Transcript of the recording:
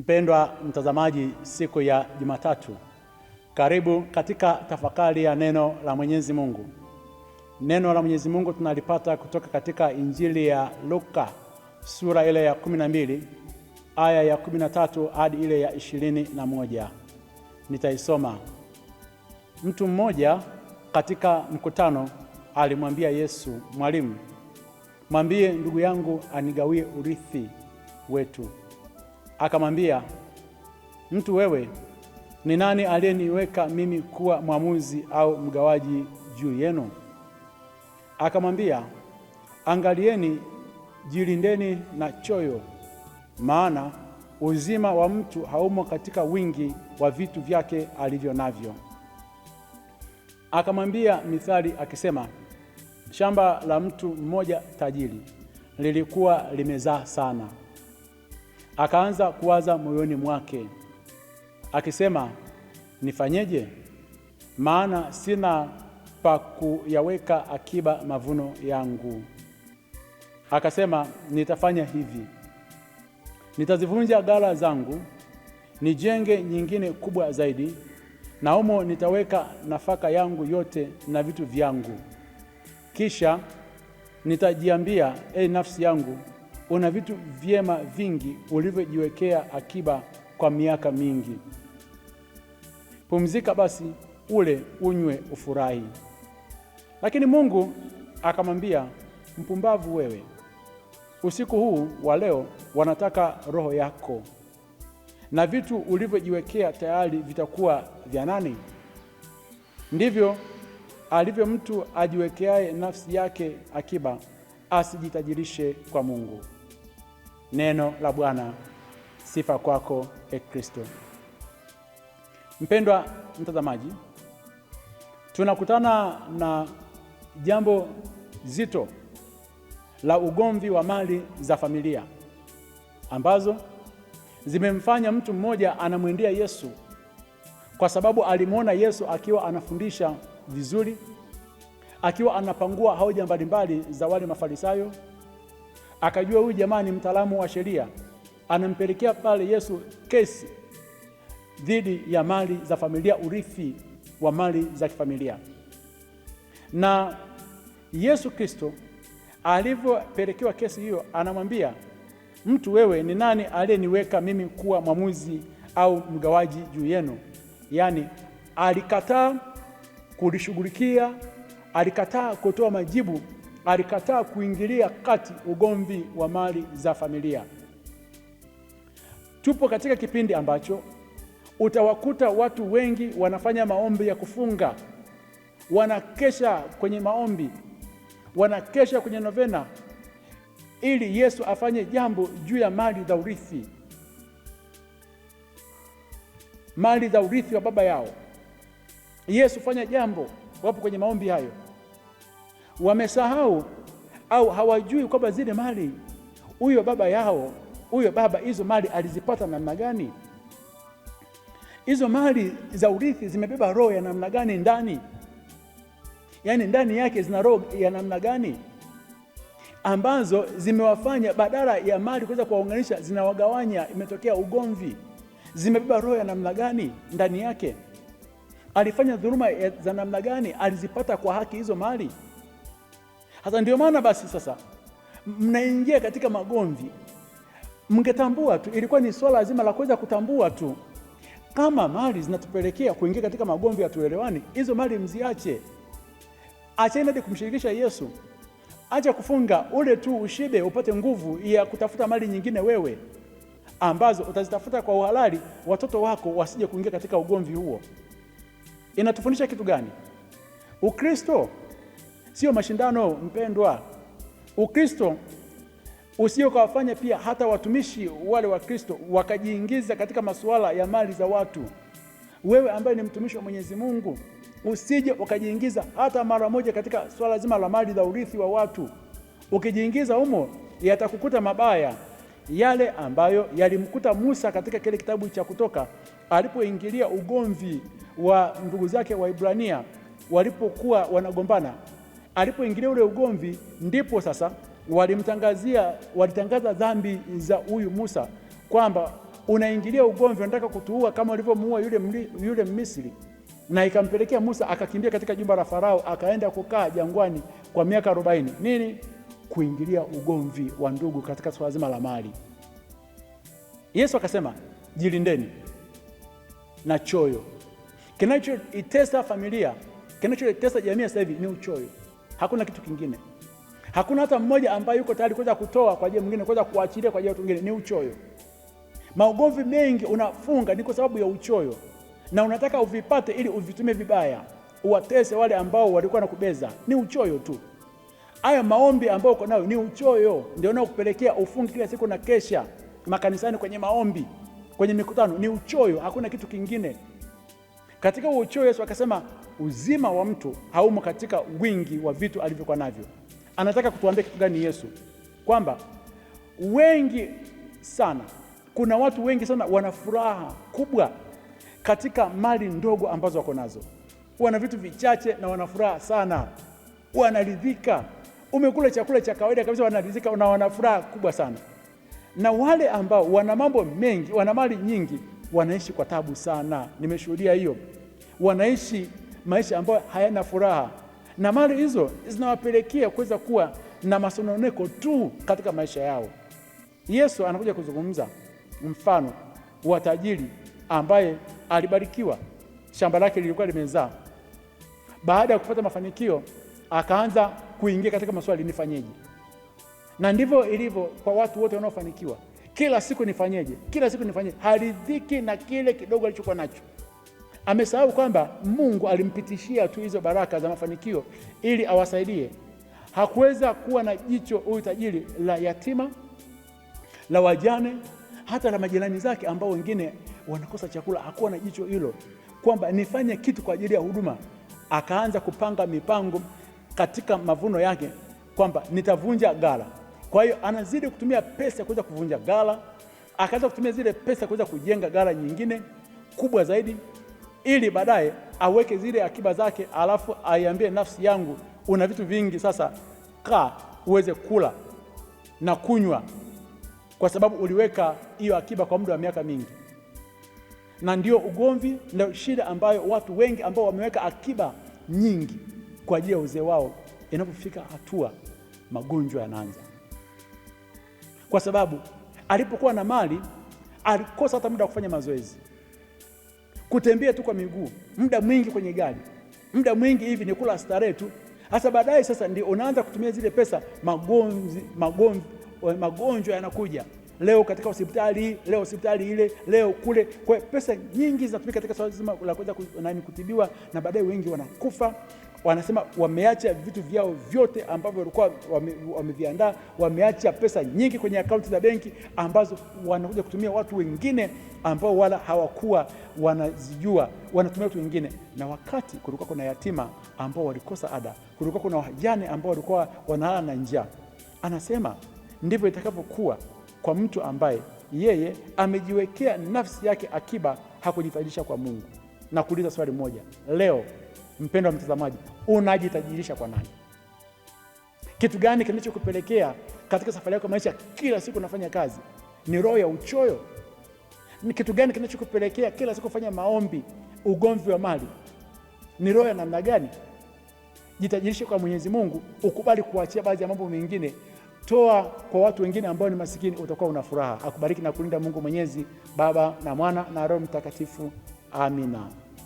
Mpendwa mtazamaji, siku ya Jumatatu, karibu katika tafakari ya neno la Mwenyezi Mungu. Neno la Mwenyezi Mungu tunalipata kutoka katika Injili ya Luka sura ile ya 12 aya ya 13 hadi ile ya ishirini na moja. Nitaisoma. Mtu mmoja katika mkutano alimwambia Yesu, Mwalimu, mwambie ndugu yangu anigawie urithi wetu akamwambia, mtu wewe, ni nani aliyeniweka mimi kuwa mwamuzi au mgawaji juu yenu? Akamwambia, angalieni, jilindeni na choyo, maana uzima wa mtu haumo katika wingi wa vitu vyake alivyo navyo. Akamwambia mithali akisema, shamba la mtu mmoja tajiri lilikuwa limezaa sana Akaanza kuwaza moyoni mwake akisema, nifanyeje? Maana sina pa kuyaweka akiba mavuno yangu. Akasema, nitafanya hivi, nitazivunja ghala zangu, nijenge nyingine kubwa zaidi, na humo nitaweka nafaka yangu yote na vitu vyangu. Kisha nitajiambia, ee nafsi yangu una vitu vyema vingi ulivyojiwekea akiba kwa miaka mingi. Pumzika basi, ule, unywe, ufurahi. Lakini Mungu akamwambia, mpumbavu wewe, usiku huu wa leo wanataka roho yako, na vitu ulivyojiwekea tayari vitakuwa vya nani? Ndivyo alivyo mtu ajiwekeaye nafsi yake akiba, asijitajirishe kwa Mungu. Neno la Bwana. Sifa kwako e Kristo. Mpendwa mtazamaji, tunakutana na jambo zito la ugomvi wa mali za familia ambazo zimemfanya mtu mmoja anamwendea Yesu kwa sababu alimwona Yesu akiwa anafundisha vizuri, akiwa anapangua hoja mbalimbali za wale Mafarisayo akajua huyu jamaa ni mtaalamu wa sheria, anampelekea pale Yesu kesi dhidi ya mali za familia, urithi wa mali za kifamilia. Na Yesu Kristo alivyopelekewa kesi hiyo, anamwambia mtu, wewe ni nani aliyeniweka mimi kuwa mwamuzi au mgawaji juu yenu? Yaani alikataa kulishughulikia, alikataa kutoa majibu alikataa kuingilia kati ugomvi wa mali za familia. Tupo katika kipindi ambacho utawakuta watu wengi wanafanya maombi ya kufunga, wanakesha kwenye maombi, wanakesha kwenye novena ili Yesu afanye jambo juu ya mali za urithi, mali za urithi wa baba yao. Yesu fanya jambo, wapo kwenye maombi hayo wamesahau au hawajui kwamba zile mali huyo baba yao huyo baba hizo mali alizipata namna gani? Hizo mali za urithi zimebeba roho ya namna gani ndani, yaani ndani yake zina roho ya namna gani ambazo zimewafanya badala ya mali kuweza kuwaunganisha zinawagawanya. Imetokea ugomvi, zimebeba roho ya namna gani ndani yake? Alifanya dhuluma za namna gani? Alizipata kwa haki hizo mali? hasa ndio maana basi sasa mnaingia katika magomvi. Mngetambua tu, ilikuwa ni swala zima la kuweza kutambua tu kama mali zinatupelekea kuingia katika magomvi, hatuelewani, hizo mali mziache, acheni hadi kumshirikisha Yesu. Acha kufunga ule tu ushibe, upate nguvu ya kutafuta mali nyingine wewe ambazo utazitafuta kwa uhalali, watoto wako wasije kuingia katika ugomvi huo. Inatufundisha kitu gani Ukristo? sio mashindano mpendwa. Ukristo usio kawafanya pia hata watumishi wale wa Kristo wakajiingiza katika masuala ya mali za watu. Wewe ambaye ni mtumishi wa Mwenyezi Mungu usije ukajiingiza hata mara moja katika swala zima la mali za urithi wa watu. Ukijiingiza humo yatakukuta mabaya yale ambayo yalimkuta Musa katika kile kitabu cha Kutoka alipoingilia ugomvi wa ndugu zake Waibrania walipokuwa wanagombana. Alipoingilia ule ugomvi, ndipo sasa walimtangazia, walitangaza dhambi za huyu Musa kwamba unaingilia ugomvi, unataka kutuua kama ulivyomuua yule, yule Misri, na ikampelekea Musa akakimbia katika jumba la Farao, akaenda kukaa jangwani kwa miaka arobaini. Nini? Kuingilia ugomvi wa ndugu katika swala zima la mali. Yesu akasema jilindeni na choyo. Kinachoitesa familia, kinachoitesa jamii sasa hivi ni uchoyo. Hakuna kitu kingine, hakuna hata mmoja ambaye yuko tayari kuweza kutoa kwa ajili mwingine, kuweza kuachilia kwa ajili watu wengine. Ni uchoyo. Maugomvi mengi unafunga ni kwa sababu ya uchoyo, na unataka uvipate ili uvitumie vibaya, uwatese wale ambao walikuwa nakubeza. Ni uchoyo tu. Haya maombi ambayo uko nayo ni uchoyo, ndio unaokupelekea ufungi kila siku na kesha makanisani, kwenye maombi, kwenye mikutano. Ni uchoyo, hakuna kitu kingine. Katika uchoyo Yesu akasema uzima wa mtu haumo katika wingi wa vitu alivyokuwa navyo. Anataka kutuambia kitu gani Yesu? Kwamba wengi sana, kuna watu wengi sana wana furaha kubwa katika mali ndogo ambazo wako nazo. Wana vitu vichache na wana furaha sana, wanaridhika. Umekula chakula cha kawaida kabisa, wanaridhika na wana furaha kubwa sana. Na wale ambao wana mambo mengi, wana mali nyingi, wanaishi kwa tabu sana. Nimeshuhudia hiyo, wanaishi maisha ambayo hayana furaha, na mali hizo zinawapelekea kuweza kuwa na masononeko tu katika maisha yao. Yesu anakuja kuzungumza mfano wa tajiri ambaye alibarikiwa, shamba lake lilikuwa limezaa. Baada ya kupata mafanikio, akaanza kuingia katika maswali, nifanyeje? Na ndivyo ilivyo kwa watu wote wanaofanikiwa, kila siku nifanyeje, kila siku nifanyeje, haridhiki na kile kidogo alichokuwa nacho. Amesahau kwamba Mungu alimpitishia tu hizo baraka za mafanikio ili awasaidie. Hakuweza kuwa na jicho huyu tajiri la yatima, la wajane, hata la majirani zake ambao wengine wanakosa chakula. Hakuwa na jicho hilo kwamba nifanye kitu kwa ajili ya huduma. Akaanza kupanga mipango katika mavuno yake kwamba nitavunja gala. Kwa hiyo anazidi kutumia pesa kuweza kuvunja gala, akaanza kutumia zile pesa kuweza kujenga gala nyingine kubwa zaidi ili baadaye aweke zile akiba zake, alafu aiambie nafsi yangu, una vitu vingi, sasa kaa uweze kula na kunywa, kwa sababu uliweka hiyo akiba kwa muda wa miaka mingi. Na ndio ugomvi, na shida ambayo watu wengi ambao wameweka akiba nyingi kwa ajili ya uzee wao, inapofika hatua magonjwa yanaanza, kwa sababu alipokuwa na mali alikosa hata muda wa kufanya mazoezi kutembea tu kwa miguu, muda mwingi kwenye gari, muda mwingi hivi ni kula starehe tu. Hasa baadaye sasa ndio unaanza kutumia zile pesa, magonzi, magonzi, magonjwa yanakuja leo katika hospitali leo hospitali ile leo kule. Kwa pesa nyingi zinatumika katika swala zima la kuweza kutibiwa, na baadaye wengi wanakufa wanasema wameacha vitu vyao vyote ambavyo walikuwa wameviandaa, wame wameacha pesa nyingi kwenye akaunti za benki ambazo wanakuja kutumia watu wengine ambao wala hawakuwa wanazijua, wanatumia watu wengine. Na wakati kulikuwa kuna yatima ambao walikosa ada, kulikuwa kuna wajane ambao walikuwa wanalala na njaa. Anasema ndivyo itakavyokuwa kwa mtu ambaye yeye amejiwekea nafsi yake akiba, hakujifaidisha kwa Mungu. Na kuuliza swali moja leo mpendwa mtazamaji, unajitajirisha kwa nani? Kitu gani kinachokupelekea katika safari yako maisha kila siku unafanya kazi? Ni roho ya uchoyo? Ni kitu gani kinachokupelekea kila siku kufanya maombi, ugomvi wa mali? Ni roho ya namna gani? Jitajirishe kwa Mwenyezi Mungu, ukubali kuachia baadhi ya mambo mengine, toa kwa watu wengine ambao ni masikini, utakuwa una furaha. Akubariki na kulinda Mungu Mwenyezi, Baba na Mwana na Roho Mtakatifu. Amina.